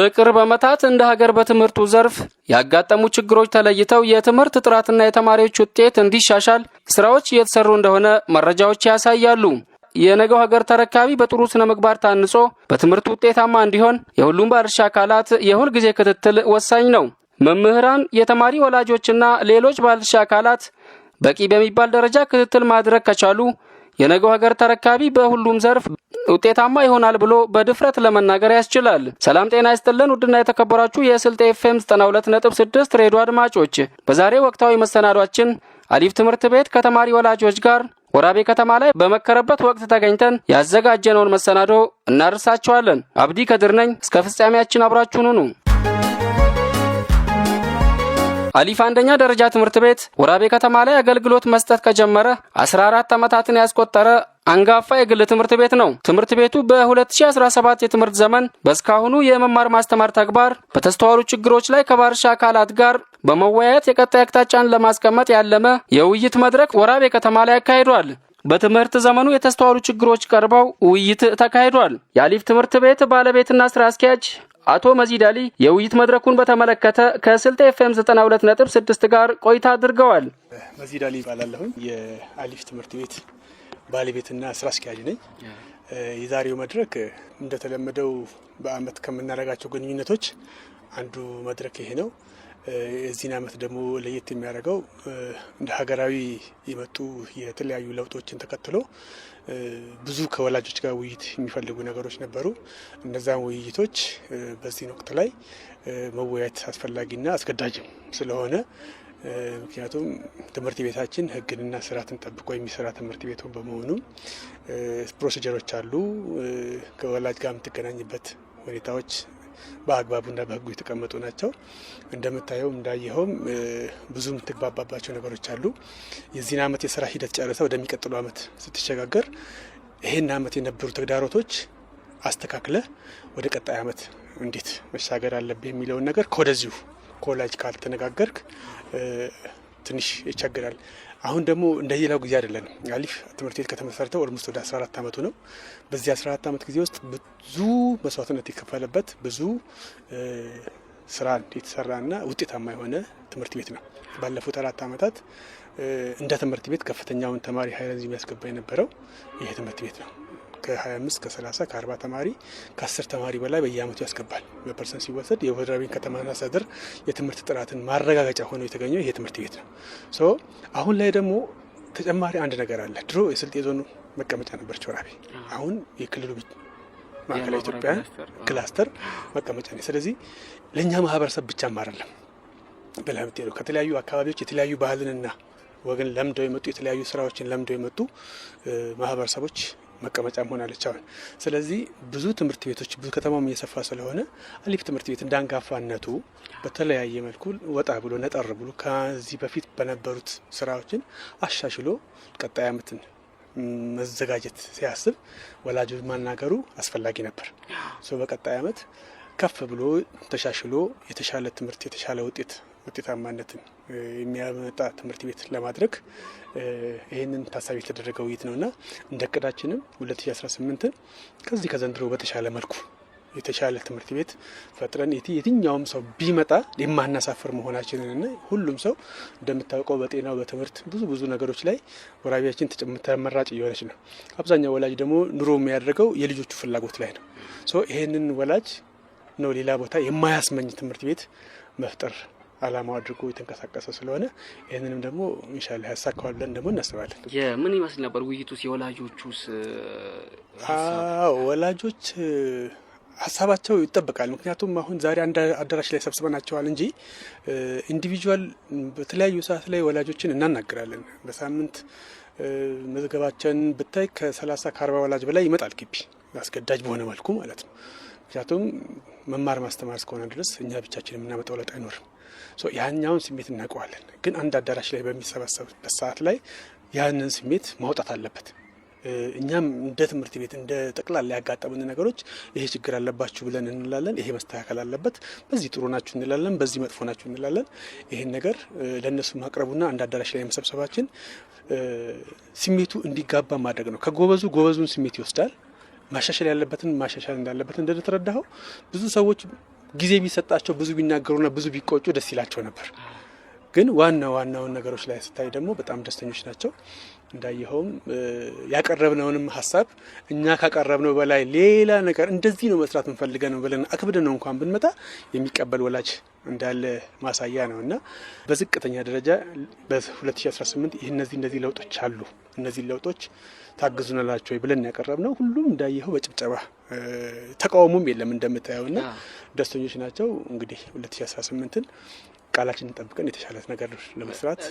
በቅርብ ዓመታት እንደ ሀገር በትምህርቱ ዘርፍ ያጋጠሙ ችግሮች ተለይተው የትምህርት ጥራትና የተማሪዎች ውጤት እንዲሻሻል ስራዎች እየተሰሩ እንደሆነ መረጃዎች ያሳያሉ። የነገው ሀገር ተረካቢ በጥሩ ስነ ምግባር ታንጾ በትምህርት ውጤታማ እንዲሆን የሁሉም ባለድርሻ አካላት የሁል ጊዜ ክትትል ወሳኝ ነው። መምህራን፣ የተማሪ ወላጆችና ሌሎች ባለድርሻ አካላት በቂ በሚባል ደረጃ ክትትል ማድረግ ከቻሉ የነገው ሀገር ተረካቢ በሁሉም ዘርፍ ውጤታማ ይሆናል ብሎ በድፍረት ለመናገር ያስችላል። ሰላም ጤና ይስጥልን ውድና የተከበራችሁ የስልጤ ኤፍኤም 92.6 ሬዲዮ አድማጮች በዛሬ ወቅታዊ መሰናዷችን አሊፍ ትምህርት ቤት ከተማሪ ወላጆች ጋር ወራቤ ከተማ ላይ በመከረበት ወቅት ተገኝተን ያዘጋጀነውን መሰናዶ እናደርሳቸዋለን። አብዲ ከድር ነኝ። እስከ ፍጻሜያችን አብራችሁን ሁኑ። አሊፍ አንደኛ ደረጃ ትምህርት ቤት ወራቤ ከተማ ላይ አገልግሎት መስጠት ከጀመረ 14 ዓመታትን ያስቆጠረ አንጋፋ የግል ትምህርት ቤት ነው። ትምህርት ቤቱ በ2017 የትምህርት ዘመን በእስካሁኑ የመማር ማስተማር ተግባር በተስተዋሉ ችግሮች ላይ ከባርሻ አካላት ጋር በመወያየት የቀጣይ አቅጣጫን ለማስቀመጥ ያለመ የውይይት መድረክ ወራቤ ከተማ ላይ አካሂዷል። በትምህርት ዘመኑ የተስተዋሉ ችግሮች ቀርበው ውይይት ተካሂዷል። የአሊፍ ትምህርት ቤት ባለቤትና ስራ አስኪያጅ አቶ መዚድ አሊ የውይይት መድረኩን በተመለከተ ከስልጤ ኤፍኤም 92.6 ጋር ቆይታ አድርገዋል። መዚድ አሊ ይባላለሁኝ። የአሊፍ ትምህርት ቤት ባለቤትና ስራ አስኪያጅ ነኝ። የዛሬው መድረክ እንደተለመደው በአመት ከምናደርጋቸው ግንኙነቶች አንዱ መድረክ ይሄ ነው። የዚህን ዓመት ደግሞ ለየት የሚያደርገው እንደ ሀገራዊ የመጡ የተለያዩ ለውጦችን ተከትሎ ብዙ ከወላጆች ጋር ውይይት የሚፈልጉ ነገሮች ነበሩ። እነዛን ውይይቶች በዚህን ወቅት ላይ መወያየት አስፈላጊና አስገዳጅም ስለሆነ ምክንያቱም ትምህርት ቤታችን ሕግንና ስርዓትን ጠብቆ የሚሰራ ትምህርት ቤቱ በመሆኑም ፕሮሲጀሮች አሉ። ከወላጅ ጋር የምትገናኝበት ሁኔታዎች በአግባቡና በህጉ የተቀመጡ ናቸው። እንደምታየው እንዳየኸውም ብዙ የምትግባባባቸው ነገሮች አሉ። የዚህን አመት የስራ ሂደት ጨርሰ ወደሚቀጥሉ አመት ስትሸጋገር ይህን አመት የነበሩ ተግዳሮቶች አስተካክለ ወደ ቀጣይ አመት እንዴት መሻገር አለብህ የሚለውን ነገር ከወደዚሁ ኮላጅ ካልተነጋገርክ ትንሽ ይቸግራል። አሁን ደግሞ እንደሌላው ጊዜ አይደለንም። አሊፍ ትምህርት ቤት ከተመሰረተው ኦልሞስት ወደ 14 ዓመቱ ነው። በዚህ 14 ዓመት ጊዜ ውስጥ ብዙ መስዋዕትነት የከፈለበት ብዙ ስራ የተሰራና ውጤታማ የሆነ ትምህርት ቤት ነው። ባለፉት አራት ዓመታት እንደ ትምህርት ቤት ከፍተኛውን ተማሪ ሀይል የሚያስገባ የነበረው ይሄ ትምህርት ቤት ነው። ከ25 ከ30 ከ40 ተማሪ ከ10 ተማሪ በላይ በየአመቱ ያስገባል። በፐርሰንት ሲወሰድ የወረዳዊ ከተማ አስተዳደር የትምህርት ጥራትን ማረጋገጫ ሆኖ የተገኘው ይሄ ትምህርት ቤት ነው። ሶ አሁን ላይ ደግሞ ተጨማሪ አንድ ነገር አለ። ድሮ የስልጤ ዞኑ መቀመጫ ነበር ወራቤ። አሁን የክልሉ ማዕከላዊ ኢትዮጵያ ክላስተር መቀመጫ ነው። ስለዚህ ለእኛ ማህበረሰብ ብቻም አይደለም በላምቴ ነው። ከተለያዩ አካባቢዎች የተለያዩ ባህልንና ወገን ለምደው የመጡ የተለያዩ ስራዎችን ለምደው የመጡ ማህበረሰቦች መቀመጫ መሆናለች አሁን። ስለዚህ ብዙ ትምህርት ቤቶች ብዙ ከተማም እየሰፋ ስለሆነ አሊፍ ትምህርት ቤት እንዳንጋፋነቱ በተለያየ መልኩ ወጣ ብሎ ነጠር ብሎ ከዚህ በፊት በነበሩት ስራዎችን አሻሽሎ ቀጣይ አመትን መዘጋጀት ሲያስብ ወላጆች ማናገሩ አስፈላጊ ነበር። በቀጣይ አመት ከፍ ብሎ ተሻሽሎ የተሻለ ትምህርት የተሻለ ውጤት ውጤታማነትን የሚያመጣ ትምህርት ቤት ለማድረግ ይህንን ታሳቢ የተደረገ ውይይት ነው እና እንደ እቅዳችንም 2018ን ከዚህ ከዘንድሮ በተሻለ መልኩ የተሻለ ትምህርት ቤት ፈጥረን የትኛውም ሰው ቢመጣ የማናሳፍር መሆናችንን እና ሁሉም ሰው እንደምታውቀው በጤናው በትምህርት ብዙ ብዙ ነገሮች ላይ ወራቢያችን ተመራጭ እየሆነች ነው። አብዛኛው ወላጅ ደግሞ ኑሮ የሚያደርገው የልጆቹ ፍላጎት ላይ ነው። ይህንን ወላጅ ነው ሌላ ቦታ የማያስመኝ ትምህርት ቤት መፍጠር አላማው አድርጎ የተንቀሳቀሰ ስለሆነ ይህንንም ደግሞ ኢንሻላ ያሳካዋል ብለን ደግሞ እናስባለን። የምን ይመስል ነበር ውይይቱስ? የወላጆቹስ? ወላጆች ሀሳባቸው ይጠበቃል። ምክንያቱም አሁን ዛሬ አንድ አዳራሽ ላይ ሰብስበናቸዋል እንጂ ኢንዲቪጁዋል በተለያዩ ሰዓት ላይ ወላጆችን እናናግራለን። በሳምንት መዝገባችን ብታይ ከ ከአርባ ወላጅ በላይ ይመጣል ግቢ አስገዳጅ በሆነ መልኩ ማለት ነው። ምክንያቱም መማር ማስተማር እስከሆነ ድረስ እኛ ብቻችን የምናመጣው ለውጥ አይኖርም። ያኛውን ስሜት እናውቀዋለን፣ ግን አንድ አዳራሽ ላይ በሚሰበሰብበት ሰዓት ላይ ያንን ስሜት ማውጣት አለበት። እኛም እንደ ትምህርት ቤት እንደ ጠቅላላ ያጋጠምን ነገሮች ይሄ ችግር አለባችሁ ብለን እንላለን። ይሄ መስተካከል አለበት፣ በዚህ ጥሩ ናችሁ እንላለን፣ በዚህ መጥፎ ናችሁ እንላለን። ይሄን ነገር ለእነሱ ማቅረቡና አንድ አዳራሽ ላይ መሰብሰባችን ስሜቱ እንዲጋባ ማድረግ ነው። ከጎበዙ ጎበዙን ስሜት ይወስዳል። ማሻሻል ያለበትን ማሻሻል እንዳለበት እንደተረዳኸው ብዙ ሰዎች ጊዜ ቢሰጣቸው ብዙ ቢናገሩና ብዙ ቢቆጩ ደስ ይላቸው ነበር። ግን ዋና ዋናውን ነገሮች ላይ ስታይ ደግሞ በጣም ደስተኞች ናቸው። እንዳየኸውም ያቀረብነውንም ሀሳብ እኛ ካቀረብነው በላይ ሌላ ነገር እንደዚህ ነው መስራት እንፈልገን ብለን አክብደን ነው እንኳን ብንመጣ የሚቀበል ወላጅ እንዳለ ማሳያ ነው እና በዝቅተኛ ደረጃ በ2018 ይህ እነዚህ እነዚህ ለውጦች አሉ፣ እነዚህ ለውጦች ታግዙናላቸው ብለን ነው። ሁሉም እንዳየኸው በጭብጨባ ተቃውሞም የለም እንደምታየው እና ደስተኞች ናቸው። እንግዲህ 2018ን ቃላችንን ጠብቀን የተሻለ ነገር ለመስራት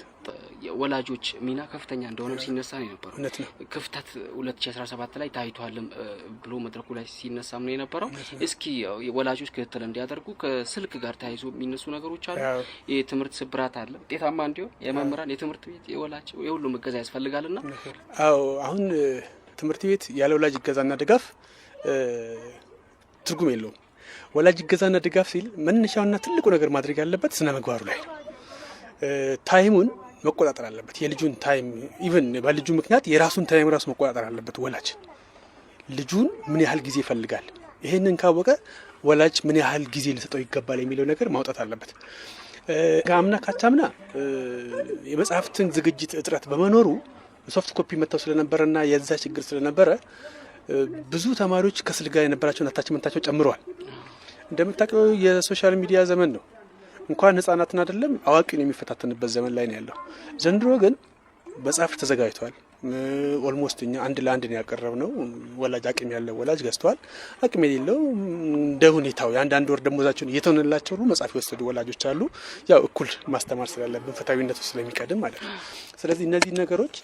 ወላጆች ሚና ከፍተኛ እንደሆነም ሲነሳ ነው የነበረው። እውነት ነው። ክፍተት 2017 ላይ ታይቷልም ብሎ መድረኩ ላይ ሲነሳም ነው የነበረው። እስኪ ወላጆች ክትትል እንዲያደርጉ ከስልክ ጋር ተያይዞ የሚነሱ ነገሮች አሉ። የትምህርት ስብራት አለ። ውጤታማ እንዲሆን የመምህራን የትምህርት ቤት የወላጅ የሁሉም እገዛ ያስፈልጋል። ና አዎ አሁን ትምህርት ቤት ያለ ወላጅ እገዛና ድጋፍ ትርጉም የለውም። ወላጅ እገዛና ድጋፍ ሲል መነሻውና ትልቁ ነገር ማድረግ ያለበት ስነ ምግባሩ ላይ ነው። ታይሙን መቆጣጠር አለበት። የልጁን ታይም ኢቨን በልጁ ምክንያት የራሱን ታይም ራሱ መቆጣጠር አለበት ወላጅ። ልጁን ምን ያህል ጊዜ ይፈልጋል፣ ይህንን ካወቀ ወላጅ ምን ያህል ጊዜ ሊሰጠው ይገባል የሚለው ነገር ማውጣት አለበት። ከአምና ካቻምና የመጽሐፍትን ዝግጅት እጥረት በመኖሩ ሶፍት ኮፒ መጥተው ስለነበረና የዛ ችግር ስለነበረ ብዙ ተማሪዎች ከስልክ ጋር የነበራቸውን አታችመንታቸው ጨምረዋል። እንደምታውቀው የሶሻል ሚዲያ ዘመን ነው። እንኳን ህጻናትን አይደለም አዋቂን የሚፈታተንበት ዘመን ላይ ነው ያለው። ዘንድሮ ግን መጽሐፍ ተዘጋጅቷል። ኦልሞስት እኛ አንድ ለአንድ ነው ያቀረብ ነው። ወላጅ አቅም ያለው ወላጅ ገዝተዋል። አቅም የሌለው እንደ ሁኔታው የአንዳንድ ወር ደሞዛቸውን እየተሆነላቸው መጽሐፍ የወሰዱ ወላጆች አሉ። ያው እኩል ማስተማር ስላለብን ፍትሐዊነቱ ስለሚቀድም ማለት ነው። ስለዚህ እነዚህ ነገሮች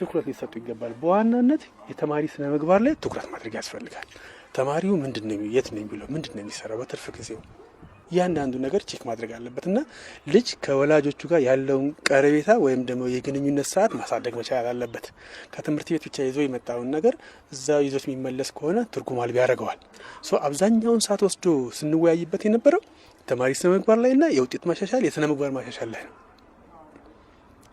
ትኩረት ሊሰጡ ይገባል። በዋናነት የተማሪ ስነ ምግባር ላይ ትኩረት ማድረግ ያስፈልጋል። ተማሪው ምንድን ነው የት ነው የሚለው ምንድን ነው የሚሰራው በትርፍ ጊዜው እያንዳንዱ ነገር ቼክ ማድረግ አለበት እና ልጅ ከወላጆቹ ጋር ያለውን ቀረቤታ ወይም ደግሞ የግንኙነት ሰዓት ማሳደግ መቻል አለበት። ከትምህርት ቤት ብቻ ይዞ የመጣውን ነገር እዛው ይዞት የሚመለስ ከሆነ ትርጉም አልቢ ያደርገዋል። አብዛኛውን ሰዓት ወስዶ ስንወያይበት የነበረው ተማሪ ስነ ምግባር ላይ እና የውጤት ማሻሻል የስነ ምግባር ማሻሻል ላይ ነው።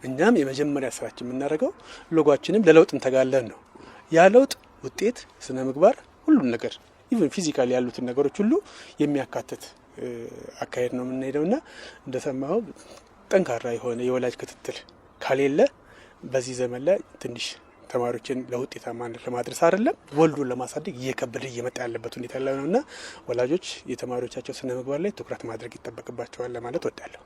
እኛም የመጀመሪያ ስራችን የምናደርገው ሎጓችንም ለለውጥ እንተጋለን ነው። ያ ለውጥ ውጤት፣ ስነ ምግባር፣ ሁሉም ነገር ኢቨን ፊዚካል ያሉትን ነገሮች ሁሉ የሚያካትት አካሄድ ነው የምንሄደው እና እንደሰማው ጠንካራ የሆነ የወላጅ ክትትል ካሌለ በዚህ ዘመን ላይ ትንሽ ተማሪዎችን ለውጤታማነት ለማድረስ አይደለም ወልዱን ለማሳደግ እየከበደ እየመጣ ያለበት ሁኔታ ላይ ነው እና ወላጆች የተማሪዎቻቸው ስነ ምግባር ላይ ትኩረት ማድረግ ይጠበቅባቸዋል ለማለት ወዳለሁ።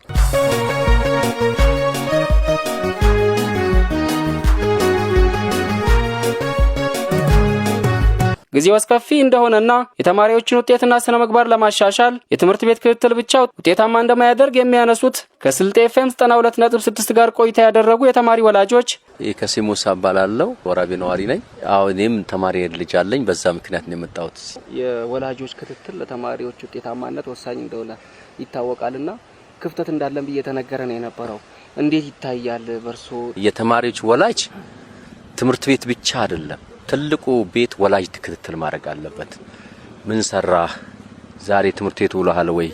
ጊዜው አስከፊ እንደሆነና የተማሪዎችን ውጤትና ስነ ምግባር ለማሻሻል የትምህርት ቤት ክትትል ብቻ ውጤታማ እንደማያደርግ የሚያነሱት ከስልጤ ኤፍኤም 6 ጋር ቆይታ ያደረጉ የተማሪ ወላጆች ከሲሙሳ አባላለው ወራቤ ነዋሪ ነኝ። እኔም ተማሪ ልጅ አለኝ። በዛ ምክንያት ነው የመጣሁት። የወላጆች ክትትል ለተማሪዎች ውጤታማነት ወሳኝ እንደሆነ ይታወቃልና ክፍተት እንዳለን ብዬ የተነገረ ነው የነበረው። እንዴት ይታያል በርሶ? የተማሪዎች ወላጅ ትምህርት ቤት ብቻ አይደለም ትልቁ ቤት ወላጅ ክትትል ማድረግ አለበት። ምን ሰራህ? ዛሬ ትምህርት ቤት ውለሃል ወይ?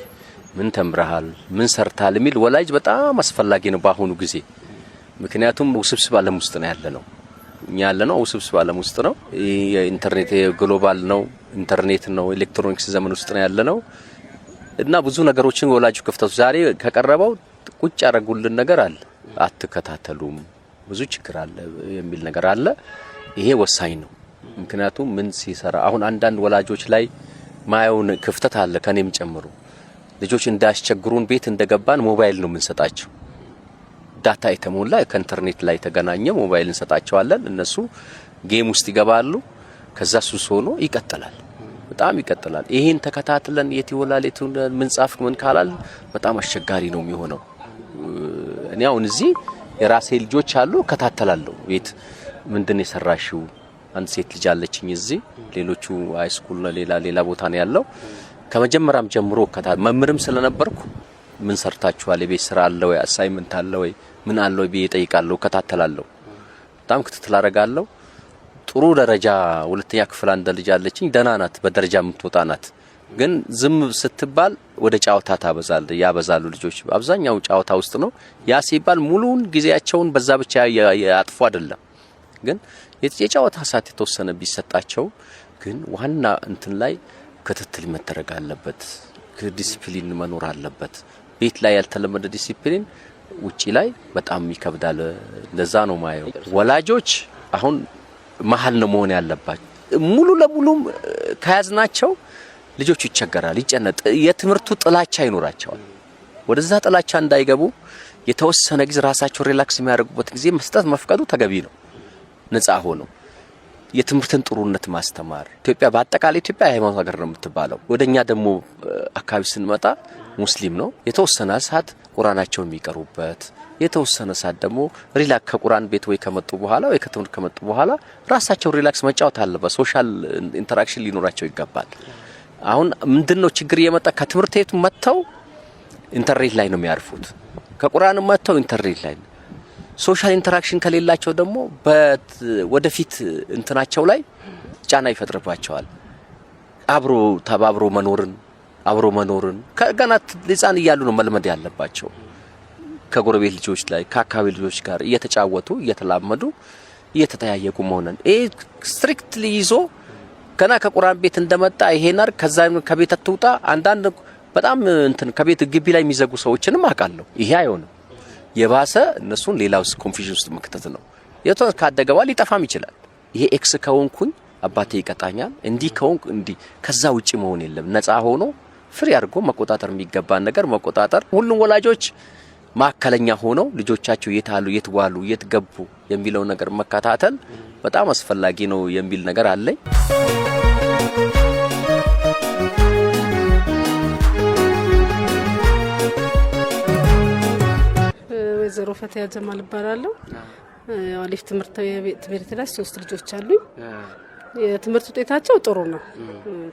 ምን ተምረሃል? ምን ሰርታል? የሚል ወላጅ በጣም አስፈላጊ ነው በአሁኑ ጊዜ። ምክንያቱም ውስብስብ ዓለም ውስጥ ነው ያለ ነው እኛ ያለ ነው ውስብስብ ዓለም ውስጥ ነው። ኢንተርኔት ግሎባል ነው፣ ኢንተርኔት ነው፣ ኤሌክትሮኒክስ ዘመን ውስጥ ነው ያለ ነው እና ብዙ ነገሮችን ወላጁ ክፍተቱ ዛሬ ከቀረበው ቁጭ ያደረጉልን ነገር አለ። አትከታተሉም፣ ብዙ ችግር አለ የሚል ነገር አለ። ይሄ ወሳኝ ነው። ምክንያቱም ምን ሲሰራ አሁን አንዳንድ ወላጆች ላይ ማየውን ክፍተት አለ። ከኔም ጨምሮ ልጆች እንዳያስቸግሩን ቤት እንደገባን ሞባይል ነው የምንሰጣቸው። ዳታ የተሞላ ከኢንተርኔት ላይ የተገናኘ ሞባይል እንሰጣቸዋለን። እነሱ ጌም ውስጥ ይገባሉ። ከዛ ሱስ ሆኖ ይቀጥላል፣ በጣም ይቀጥላል። ይህን ተከታትለን የት ይውላል የት ምንጻፍ ምን ካላል በጣም አስቸጋሪ ነው የሚሆነው። እኔ አሁን እዚህ የራሴ ልጆች አሉ፣ እከታተላለሁ ቤት ምንድን የሰራሽው? አንድ ሴት ልጅ አለችኝ እዚህ። ሌሎቹ ሃይስኩል ሌላ ሌላ ቦታ ነው ያለው። ከመጀመሪያም ጀምሮ ከታ መምህርም ስለነበርኩ ምን ሰርታችኋል? የቤት ስራ አለ ወይ? አሳይመንት አለ ወይ? ምን አለ ወይ ብዬ ጠይቃለሁ፣ እከታተላለሁ። በጣም ክትትል ጥሩ ደረጃ ሁለተኛ ክፍል አንድ ልጅ አለችኝ። ደህና ናት፣ በደረጃ የምትወጣ ናት። ግን ዝም ስትባል ወደ ጨዋታ ታበዛል ያበዛሉ ልጆች። አብዛኛው ጨዋታ ውስጥ ነው። ያ ሲባል ሙሉውን ጊዜያቸውን በዛ ብቻ ያጥፉ አይደለም ግን የጨዋታ ሰዓት የተወሰነ ቢሰጣቸው ግን ዋና እንትን ላይ ክትትል መደረግ አለበት። ዲሲፕሊን መኖር አለበት። ቤት ላይ ያልተለመደ ዲሲፕሊን ውጪ ላይ በጣም ይከብዳል። ለዛ ነው ማየው ወላጆች አሁን መሀል ነው መሆን ያለባቸው። ሙሉ ለሙሉም ከያዝናቸው ልጆቹ ይቸገራል፣ ይጨነጥ የትምህርቱ ጥላቻ ይኖራቸዋል። ወደዛ ጥላቻ እንዳይገቡ የተወሰነ ጊዜ ራሳቸው ሪላክስ የሚያደርጉበት ጊዜ መስጠት መፍቀዱ ተገቢ ነው። ነጻ ሆኖ የትምህርትን ጥሩነት ማስተማር ኢትዮጵያ በአጠቃላይ ኢትዮጵያ የሃይማኖት ሀገር ነው የምትባለው። ወደኛ ደግሞ አካባቢ ስንመጣ ሙስሊም ነው የተወሰነ ሰዓት ቁራናቸው የሚቀሩበት የተወሰነ ሰዓት ደግሞ ሪላክ ከቁራን ቤት ወይ ከመጡ በኋላ ወይ ከትምህርት ከመጡ በኋላ ራሳቸው ሪላክስ መጫወት አለበት። ሶሻል ኢንተራክሽን ሊኖራቸው ይገባል። አሁን ምንድን ነው ችግር እየመጣ ከትምህርት ቤቱ መጥተው ኢንተርኔት ላይ ነው የሚያርፉት። ከቁርአን መጥተው ኢንተርኔት ላይ ነው ሶሻል ኢንተራክሽን ከሌላቸው ደግሞ ወደፊት እንትናቸው ላይ ጫና ይፈጥርባቸዋል። አብሮ ተባብሮ መኖርን አብሮ መኖርን ከገና ህፃን እያሉ ነው መልመድ ያለባቸው። ከጎረቤት ልጆች ላይ ከአካባቢ ልጆች ጋር እየተጫወቱ እየተላመዱ እየተጠያየቁ መሆነን ይህ ስትሪክትሊ ይዞ ገና ከቁራን ቤት እንደመጣ ይሄን አድርግ ከዛ ከቤት አትውጣ። አንዳንድ በጣም እንትን ከቤት ግቢ ላይ የሚዘጉ ሰዎችንም አውቃለሁ። ይሄ አይሆንም። የባሰ እነሱን ሌላ ውስጥ ኮንፊዥን ውስጥ መክተት ነው። የቶን ካደገባ ሊጠፋም ይችላል። ይሄ ኤክስ ከሆንኩኝ አባቴ ይቀጣኛል፣ እንዲህ ከሆንኩ እንዲህ። ከዛ ውጪ መሆን የለም። ነፃ ሆኖ ፍሪ አድርጎ መቆጣጠር የሚገባን ነገር መቆጣጠር። ሁሉም ወላጆች ማዕከለኛ ሆነው ልጆቻቸው የት አሉ፣ የት ዋሉ፣ የት ገቡ የሚለው ነገር መከታተል በጣም አስፈላጊ ነው የሚል ነገር አለኝ። ወይዘሮ ፈትያ ጀማል እባላለሁ። አሊፍ ትምህርት ቤት ላይ ሶስት ልጆች አሉኝ። የትምህርት ውጤታቸው ጥሩ ነው።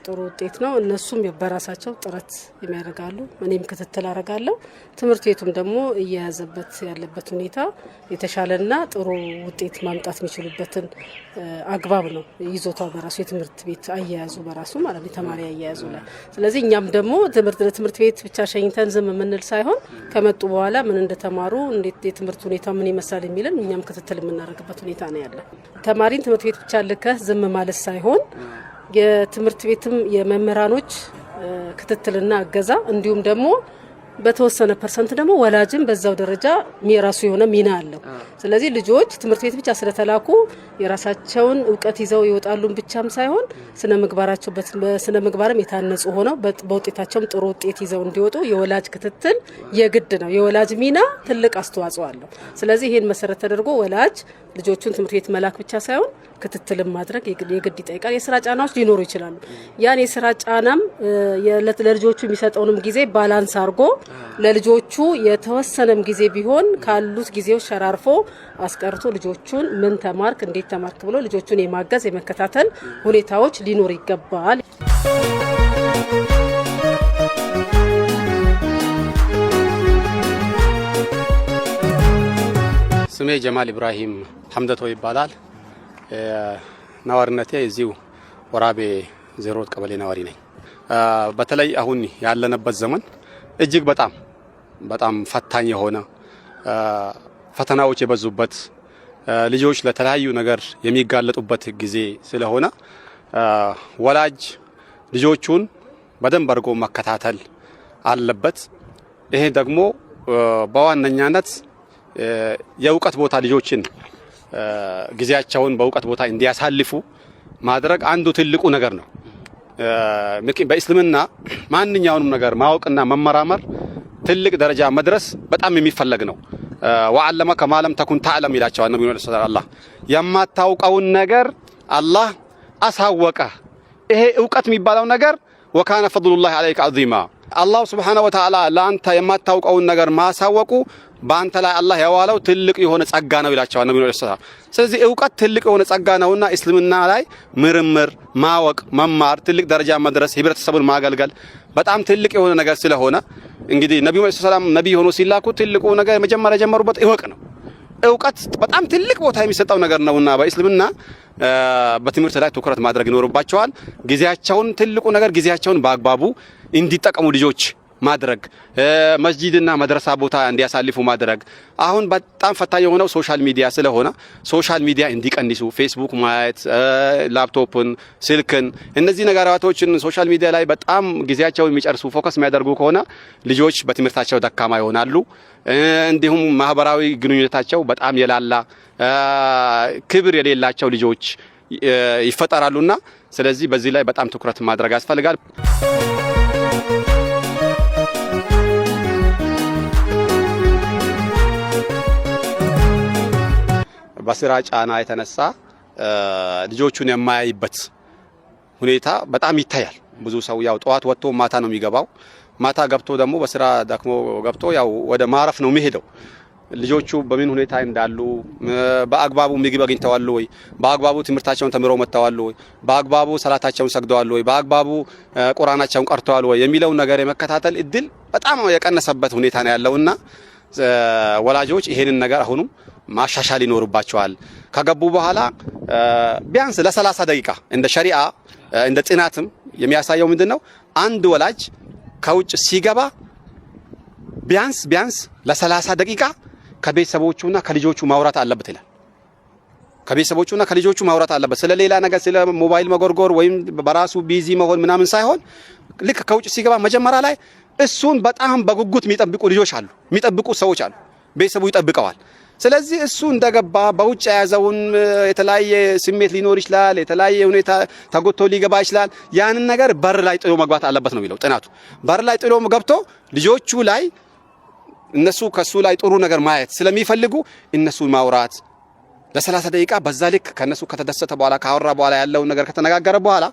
ጥሩ ውጤት ነው። እነሱም በራሳቸው ጥረት የሚያደርጋሉ። እኔም ክትትል አደርጋለሁ። ትምህርት ቤቱም ደግሞ እየያዘበት ያለበት ሁኔታ የተሻለና ጥሩ ውጤት ማምጣት የሚችሉበትን አግባብ ነው ይዞታው በራሱ የትምህርት ቤት አያያዙ በራሱ ማለት ነው የተማሪ አያያዙ ላይ። ስለዚህ እኛም ደግሞ ትምህርት ለትምህርት ቤት ብቻ ሸኝተን ዝም የምንል ሳይሆን ከመጡ በኋላ ምን እንደተማሩ እንዴት የትምህርት ሁኔታ ምን ይመስላል የሚልን እኛም ክትትል የምናደርግበት ሁኔታ ነው ያለ። ተማሪን ትምህርት ቤት ብቻ ልከህ ዝም ማለት መመለስ ሳይሆን የትምህርት ቤትም የመምህራኖች ክትትልና እገዛ እንዲሁም ደግሞ በተወሰነ ፐርሰንት ደግሞ ወላጅም በዛው ደረጃ የራሱ የሆነ ሚና አለው። ስለዚህ ልጆች ትምህርት ቤት ብቻ ስለተላኩ የራሳቸውን እውቀት ይዘው ይወጣሉን ብቻም ሳይሆን ስነ ምግባራቸው በስነ ምግባርም የታነጹ ሆነው በውጤታቸውም ጥሩ ውጤት ይዘው እንዲወጡ የወላጅ ክትትል የግድ ነው። የወላጅ ሚና ትልቅ አስተዋጽኦ አለው። ስለዚህ ይህን መሰረት ተደርጎ ወላጅ ልጆቹን ትምህርት ቤት መላክ ብቻ ሳይሆን ክትትልን ማድረግ የግድ ይጠይቃል። የስራ ጫናዎች ሊኖሩ ይችላሉ። ያን የስራ ጫናም ለልጆቹ የሚሰጠውንም ጊዜ ባላንስ አድርጎ ለልጆቹ የተወሰነም ጊዜ ቢሆን ካሉት ጊዜዎች ሸራርፎ አስቀርቶ ልጆቹን ምን ተማርክ እንዴት እንዴት ተማርክ ብሎ ልጆቹን የማገዝ የመከታተል ሁኔታዎች ሊኖር ይገባል። ስሜ ጀማል ኢብራሂም ሀምደቶ ይባላል። ነዋሪነቴ እዚሁ ወራቤ ዜሮ ቀበሌ ነዋሪ ነኝ። በተለይ አሁን ያለንበት ዘመን እጅግ በጣም በጣም ፈታኝ የሆነ ፈተናዎች የበዙበት ልጆች ለተለያዩ ነገር የሚጋለጡበት ጊዜ ስለሆነ ወላጅ ልጆቹን በደንብ አድርጎ መከታተል አለበት። ይሄ ደግሞ በዋነኛነት የእውቀት ቦታ ልጆችን ጊዜያቸውን በእውቀት ቦታ እንዲያሳልፉ ማድረግ አንዱ ትልቁ ነገር ነው። በእስልምና ማንኛውንም ነገር ማወቅና መመራመር ትልቅ ደረጃ መድረስ በጣም የሚፈለግ ነው። ወአለመከ ከማለም ተኩን ታዕለም ይላቸዋል ነቢ አላህ። የማታውቀውን ነገር አላህ አሳወቀ። ይሄ እውቀት የሚባለው ነገር ወካነ ፈድሉላሂ አለይከ አዚማ አላሁ ስብሓነ ወተዓላ ለአንተ የማታውቀውን ነገር ማሳወቁ በአንተ ላይ አላህ ያዋለው ትልቅ የሆነ ጸጋ ነው ይላቸዋል ነቢዩ ዐለይሂ ሰላም። ስለዚህ እውቀት ትልቅ የሆነ ጸጋ ነውና እስልምና ላይ ምርምር፣ ማወቅ፣ መማር፣ ትልቅ ደረጃ መድረስ፣ ህብረተሰቡን ማገልገል በጣም ትልቅ የሆነ ነገር ስለሆነ እንግዲህ ነቢዩ ዐለይሂ ሰላም ነቢ የሆኑ ሲላኩ ትልቁ ነገር መጀመሪያ የጀመሩበት እወቅ ነው። እውቀት በጣም ትልቅ ቦታ የሚሰጠው ነገር ነውና በእስልምና በትምህርት ላይ ትኩረት ማድረግ ይኖርባቸዋል። ጊዜያቸውን ትልቁ ነገር ጊዜያቸውን በአግባቡ እንዲጠቀሙ ልጆች ማድረግ መስጂድና መድረሳ ቦታ እንዲያሳልፉ ማድረግ። አሁን በጣም ፈታኝ የሆነው ሶሻል ሚዲያ ስለሆነ ሶሻል ሚዲያ እንዲቀንሱ ፌስቡክ ማየት፣ ላፕቶፕን፣ ስልክን እነዚህ ነገራቶችን ሶሻል ሚዲያ ላይ በጣም ጊዜያቸው የሚጨርሱ ፎከስ የሚያደርጉ ከሆነ ልጆች በትምህርታቸው ደካማ ይሆናሉ። እንዲሁም ማህበራዊ ግንኙነታቸው በጣም የላላ ክብር የሌላቸው ልጆች ይፈጠራሉና ስለዚህ በዚህ ላይ በጣም ትኩረት ማድረግ ያስፈልጋል። በስራ ጫና የተነሳ ልጆቹን የማያይበት ሁኔታ በጣም ይታያል። ብዙ ሰው ያው ጠዋት ወጥቶ ማታ ነው የሚገባው። ማታ ገብቶ ደግሞ በስራ ደክሞ ገብቶ ያው ወደ ማረፍ ነው የሚሄደው። ልጆቹ በምን ሁኔታ እንዳሉ በአግባቡ ምግብ አግኝተዋል ወይ፣ በአግባቡ ትምህርታቸውን ተምረው መጥተዋል ወይ፣ በአግባቡ ሰላታቸውን ሰግደዋል ወይ፣ በአግባቡ ቁራናቸውን ቀርተዋል ወይ የሚለውን ነገር የመከታተል እድል በጣም የቀነሰበት ሁኔታ ነው ያለውና ወላጆች ይሄንን ነገር አሁኑም ማሻሻል ይኖርባቸዋል። ከገቡ በኋላ ቢያንስ ለሰላሳ ደቂቃ እንደ ሸሪአ እንደ ጥናትም የሚያሳየው ምንድን ነው አንድ ወላጅ ከውጭ ሲገባ ቢያንስ ቢያንስ ለሰላሳ ደቂቃ ከቤተሰቦቹና ከልጆቹ ማውራት አለበት ይላል። ከቤተሰቦቹና ከልጆቹ ማውራት አለበት። ስለ ሌላ ነገር፣ ስለ ሞባይል መጎርጎር ወይም በራሱ ቢዚ መሆን ምናምን ሳይሆን ልክ ከውጭ ሲገባ መጀመሪያ ላይ እሱን በጣም በጉጉት የሚጠብቁ ልጆች አሉ፣ የሚጠብቁ ሰዎች አሉ። ቤተሰቡ ይጠብቀዋል። ስለዚህ እሱ እንደገባ በውጭ የያዘውን የተለያየ ስሜት ሊኖር ይችላል። የተለያየ ሁኔታ ተጎቶ ሊገባ ይችላል። ያንን ነገር በር ላይ ጥሎ መግባት አለበት ነው የሚለው ጥናቱ። በር ላይ ጥሎ ገብቶ ልጆቹ ላይ እነሱ ከሱ ላይ ጥሩ ነገር ማየት ስለሚፈልጉ እነሱን ማውራት ለሰላሳ ደቂቃ በዛ ልክ ከነሱ ከተደሰተ በኋላ ካወራ በኋላ ያለውን ነገር ከተነጋገረ በኋላ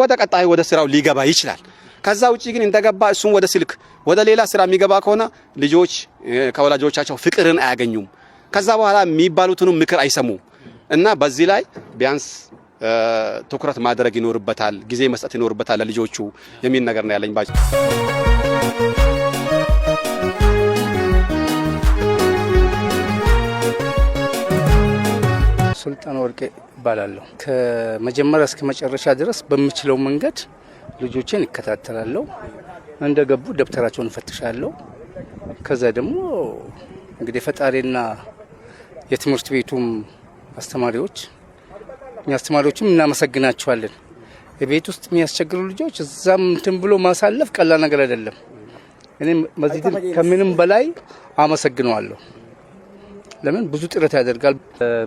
ወደ ቀጣይ ወደ ስራው ሊገባ ይችላል። ከዛ ውጪ ግን እንደገባ እሱም ወደ ስልክ ወደ ሌላ ስራ የሚገባ ከሆነ ልጆች ከወላጆቻቸው ፍቅርን አያገኙም። ከዛ በኋላ የሚባሉትን ምክር አይሰሙ እና በዚህ ላይ ቢያንስ ትኩረት ማድረግ ይኖርበታል፣ ጊዜ መስጠት ይኖርበታል ለልጆቹ የሚል ነገር ነው ያለኝ ባጭ ወርቄ ይባላለሁ። ከመጀመሪያ እስከ መጨረሻ ድረስ በምችለው መንገድ ልጆችን ይከታተላለሁ። እንደገቡ ደብተራቸውን እፈትሻለሁ። ከዛ ደግሞ እንግዲህ ፈጣሪና የትምህርት ቤቱም አስተማሪዎች አስተማሪዎችም እናመሰግናቸዋለን። ቤት ውስጥ የሚያስቸግሩ ልጆች እዛም እንትን ብሎ ማሳለፍ ቀላል ነገር አይደለም። እኔም መዚድን ከምንም በላይ አመሰግነዋለሁ። ለምን ብዙ ጥረት ያደርጋል።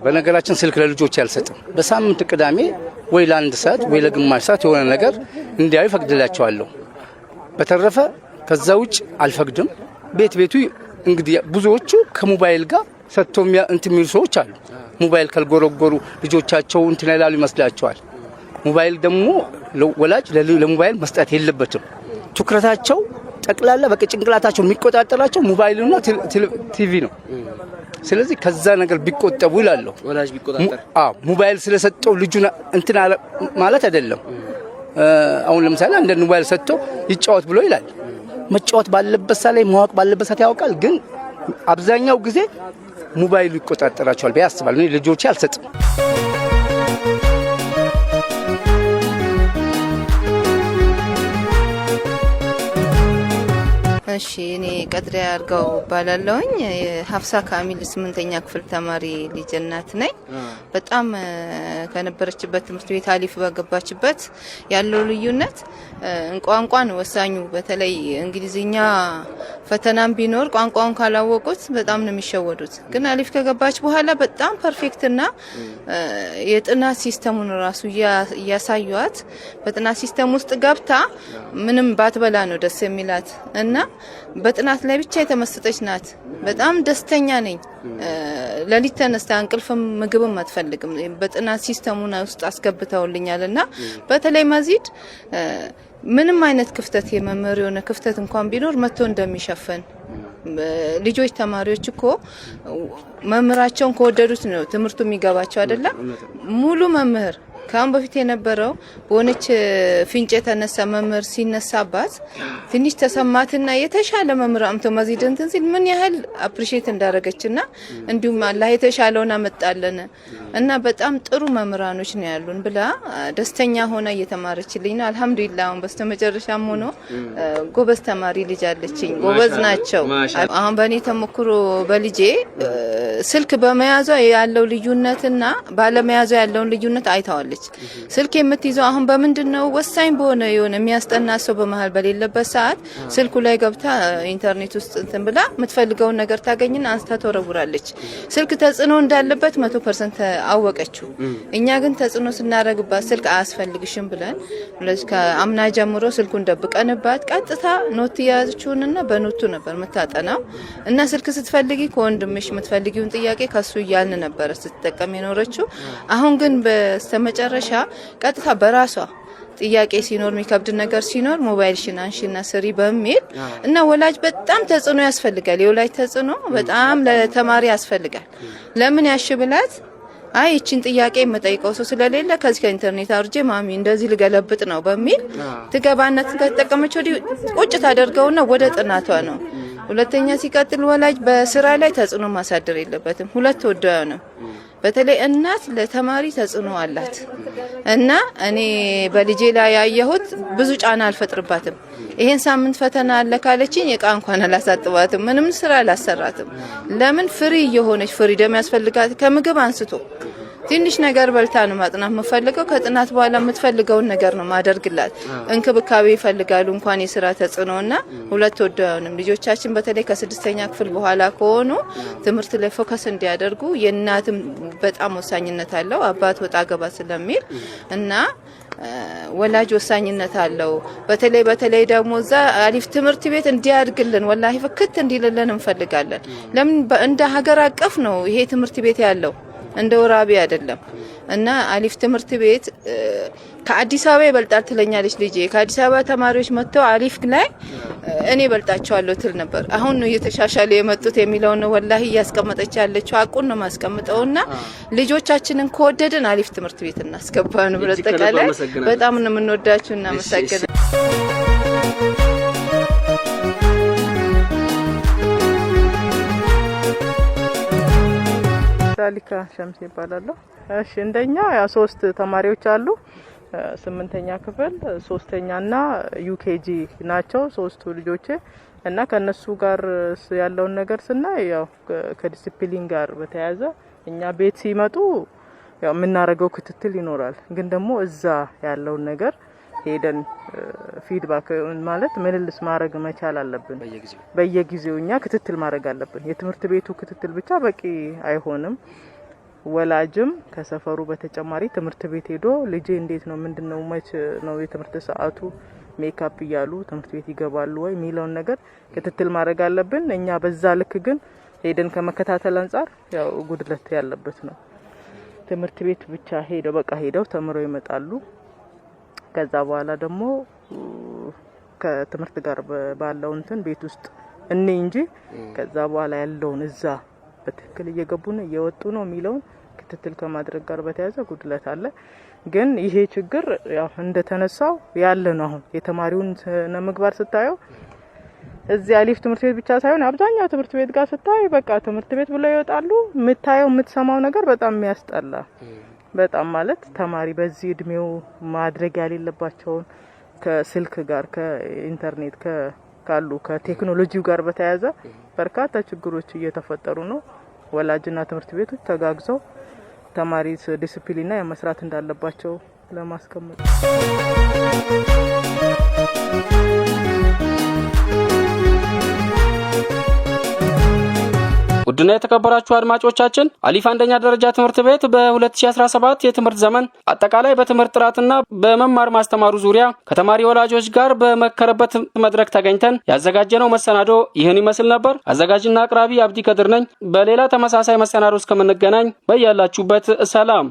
በነገራችን ስልክ ለልጆች አልሰጥም። በሳምንት ቅዳሜ ወይ ለአንድ ሰዓት ወይ ለግማሽ ሰዓት የሆነ ነገር እንዲያዩ ፈቅድላቸዋለሁ። በተረፈ ከዛ ውጭ አልፈቅድም። ቤት ቤቱ እንግዲህ ብዙዎቹ ከሞባይል ጋር ሰጥቶ እንት የሚሉ ሰዎች አሉ። ሞባይል ካልጎረጎሩ ልጆቻቸው እንትን ይላሉ ይመስላቸዋል። ሞባይል ደግሞ ወላጅ ለሞባይል መስጠት የለበትም። ትኩረታቸው ጠቅላላ በቃ ጭንቅላታቸው የሚቆጣጠራቸው ሞባይልና ቲቪ ነው። ስለዚህ ከዛ ነገር ቢቆጠቡ ይላለሁ። ሞባይል ስለሰጠው ልጁ እንትን ማለት አይደለም። አሁን ለምሳሌ አንደ ሞባይል ሰጥቶ ይጫወት ብሎ ይላል። መጫወት ባለበት ሰዓት ላይ ማወቅ ባለበት ሰዓት ያውቃል። ግን አብዛኛው ጊዜ ሞባይሉ ይቆጣጠራቸዋል ብዬ አስባለሁ። ልጆቼ አልሰጥም። እሺ እኔ ቀድሬ አድርገው እባላለሁኝ ሀፍሳ ካሚል ስምንተኛ ክፍል ተማሪ ልጅ እናት ነኝ። በጣም ከነበረችበት ትምህርት ቤት አሊፍ ባገባችበት ያለው ልዩነት ቋንቋን ወሳኙ በተለይ እንግሊዝኛ ፈተናም ቢኖር ቋንቋውን ካላወቁት በጣም ነው የሚሸወዱት። ግን አሊፍ ከገባች በኋላ በጣም ፐርፌክትና የጥናት ሲስተሙን ራሱ እያሳዩት በጥናት ሲስተም ውስጥ ገብታ ምንም ባትበላ ነው ደስ የሚላት እና በጥናት ላይ ብቻ የተመሰጠች ናት። በጣም ደስተኛ ነኝ። ለሊት ተነስታ እንቅልፍም ምግብም አትፈልግም። በጥናት ሲስተሙን ውስጥ አስገብተውልኛል እና በተለይ መዚድ ምንም አይነት ክፍተት የመምህር የሆነ ክፍተት እንኳን ቢኖር መጥቶ እንደሚሸፍን ልጆች ተማሪዎች እኮ መምህራቸውን ከወደዱት ነው ትምህርቱ የሚገባቸው አይደለም ሙሉ መምህር ከአሁን በፊት የነበረው በሆነች ፍንጭ የተነሳ መምህር ሲነሳባት ትንሽ ተሰማትና የተሻለ መምህር አምቶ ማዚደንትን ሲል ምን ያህል አፕሪሼት እንዳደረገችና እንዲሁም አላህ የተሻለውን አመጣለን እና በጣም ጥሩ መምህራኖች ነው ያሉን ብላ ደስተኛ ሆና እየተማረችልኝ ነው። አልሐምዱሊላህ አሁን በስተመጨረሻም ሆኖ ጎበዝ ተማሪ ልጅ አለችኝ። ጎበዝ ናቸው። አሁን በእኔ ተሞክሮ በልጄ ስልክ በመያዟ ያለው ልዩነትና ባለመያዟ ያለውን ልዩነት አይተዋለች። ትችላለች። ስልክ የምትይዘው አሁን በምንድን ነው? ወሳኝ በሆነ የሆነ የሚያስጠና ሰው በመሀል በሌለበት ሰዓት ስልኩ ላይ ገብታ ኢንተርኔት ውስጥ እንትን ብላ የምትፈልገውን ነገር ታገኝና አንስታ ተወረውራለች። ስልክ ተጽዕኖ እንዳለበት መቶ ፐርሰንት አወቀችው። እኛ ግን ተጽዕኖ ስናደረግባት ስልክ አያስፈልግሽም ብለን ከአምና ጀምሮ ስልኩን ደብቀንባት ቀጥታ ኖት እየያዘችውንና በኖቱ ነበር የምታጠናው እና ስልክ ስትፈልጊ ከወንድምሽ የምትፈልጊውን ጥያቄ ከሱ እያልን ነበረ ስትጠቀም የኖረችው አሁን ግን በስተመጨረ መጨረሻ ቀጥታ በራሷ ጥያቄ ሲኖር የሚከብድ ነገር ሲኖር ሞባይል ሽን አንሺና ስሪ በሚል እና ወላጅ በጣም ተጽዕኖ ያስፈልጋል። የወላጅ ተጽዕኖ በጣም ለተማሪ ያስፈልጋል። ለምን ያሽ ብላት አይ እቺን ጥያቄ የምጠይቀው ሰው ስለሌለ ከዚህ ከኢንተርኔት አውርጄ ማሚ እንደዚህ ልገለብጥ ነው በሚል ትገባነትን ከተጠቀመች ወዲህ ቁጭ ታደርገውና ወደ ጥናቷ ነው። ሁለተኛ ሲቀጥል ወላጅ በስራ ላይ ተጽዕኖ ማሳደር የለበትም። ሁለት ወደው ነው በተለይ እናት ለተማሪ ተጽዕኖ አላት እና እኔ በልጄ ላይ ያየሁት ብዙ ጫና አልፈጥርባትም። ይሄን ሳምንት ፈተና አለ ካለችኝ እቃ እንኳን አላሳጥባትም፣ ምንም ስራ አላሰራትም። ለምን ፍሪ እየሆነች ፍሪ ደም ያስፈልጋት ከምግብ አንስቶ ትንሽ ነገር በልታ ነው ማጥናት የምፈልገው። ከጥናት በኋላ የምትፈልገውን ነገር ነው ማደርግላት። እንክብካቤ ይፈልጋሉ እንኳን የስራ ተጽዕኖ እና ሁለት ወደውንም ልጆቻችን በተለይ ከስድስተኛ ክፍል በኋላ ከሆኑ ትምህርት ላይ ፎከስ እንዲያደርጉ የእናትም በጣም ወሳኝነት አለው። አባት ወጣ ገባ ስለሚል እና ወላጅ ወሳኝነት አለው። በተለይ በተለይ ደግሞ እዛ አሪፍ ትምህርት ቤት እንዲያድግልን ወላሂ ፍክት እንዲልልን እንፈልጋለን። ለምን እንደ ሀገር አቀፍ ነው ይሄ ትምህርት ቤት ያለው እንደ ወራቢ አይደለም እና አሊፍ ትምህርት ቤት ከአዲስ አበባ ይበልጣል ትለኛለች ልጄ። ከአዲስ አበባ ተማሪዎች መጥተው አሊፍ ላይ እኔ በልጣቸዋለሁ ትል ነበር። አሁን ነው እየተሻሻሉ የመጡት የሚለውን ነው ወላሂ እያስቀመጠች ያለችው። አቁን ነው ማስቀምጠው እና ልጆቻችንን ከወደድን አሊፍ ትምህርት ቤት እናስገባ ነው። በጣም ነው የምንወዳችሁ። እናመሰግናል። ሊካ ሸምስ ይባላለሁ። እሺ እንደኛ ያ ሶስት ተማሪዎች አሉ። ስምንተኛ ክፍል ሶስተኛና ዩኬጂ ናቸው ሶስቱ ልጆቼ እና ከነሱ ጋር ያለውን ነገር ስናይ ያው ከዲሲፕሊን ጋር በተያያዘ እኛ ቤት ሲመጡ ያው የምናደርገው ክትትል ይኖራል። ግን ደግሞ እዛ ያለውን ነገር ሄደን ፊድባክ ማለት ምልልስ ማድረግ መቻል አለብን። በየጊዜው እኛ ክትትል ማድረግ አለብን። የትምህርት ቤቱ ክትትል ብቻ በቂ አይሆንም። ወላጅም ከሰፈሩ በተጨማሪ ትምህርት ቤት ሄዶ ልጄ እንዴት ነው ምንድን ነው መች ነው የትምህርት ሰዓቱ ሜካፕ እያሉ ትምህርት ቤት ይገባሉ ወይ የሚለውን ነገር ክትትል ማድረግ አለብን። እኛ በዛ ልክ ግን ሄደን ከመከታተል አንጻር ያው ጉድለት ያለበት ነው። ትምህርት ቤት ብቻ ሄደው በቃ ሄደው ተምረው ይመጣሉ። ከዛ በኋላ ደግሞ ከትምህርት ጋር ባለው እንትን ቤት ውስጥ እኔ እንጂ ከዛ በኋላ ያለውን እዛ በትክክል እየገቡ ነው እየወጡ ነው የሚለውን ክትትል ከማድረግ ጋር በተያያዘ ጉድለት አለ። ግን ይሄ ችግር ያው እንደተነሳው ያለ ነው። አሁን የተማሪውን ስነ ምግባር ስታየው እዚህ አሊፍ ትምህርት ቤት ብቻ ሳይሆን አብዛኛው ትምህርት ቤት ጋር ስታይ በቃ ትምህርት ቤት ብለው ይወጣሉ። የምታየው የምትሰማው ነገር በጣም የሚያስጠላ በጣም ማለት ተማሪ በዚህ እድሜው ማድረግ ያሌለባቸውን ከስልክ ጋር ከኢንተርኔት ካሉ ከቴክኖሎጂው ጋር በተያያዘ በርካታ ችግሮች እየተፈጠሩ ነው። ወላጅና ትምህርት ቤቶች ተጋግዘው ተማሪ ዲስፕሊንና የመስራት እንዳለባቸው ለማስቀመጥ ውድና የተከበራችሁ አድማጮቻችን አሊፍ አንደኛ ደረጃ ትምህርት ቤት በ2017 የትምህርት ዘመን አጠቃላይ በትምህርት ጥራትና በመማር ማስተማሩ ዙሪያ ከተማሪ ወላጆች ጋር በመከረበት መድረክ ተገኝተን ያዘጋጀነው መሰናዶ ይህን ይመስል ነበር። አዘጋጅና አቅራቢ አብዲ ከድር ነኝ። በሌላ ተመሳሳይ መሰናዶ እስከምንገናኝ በያላችሁበት ሰላም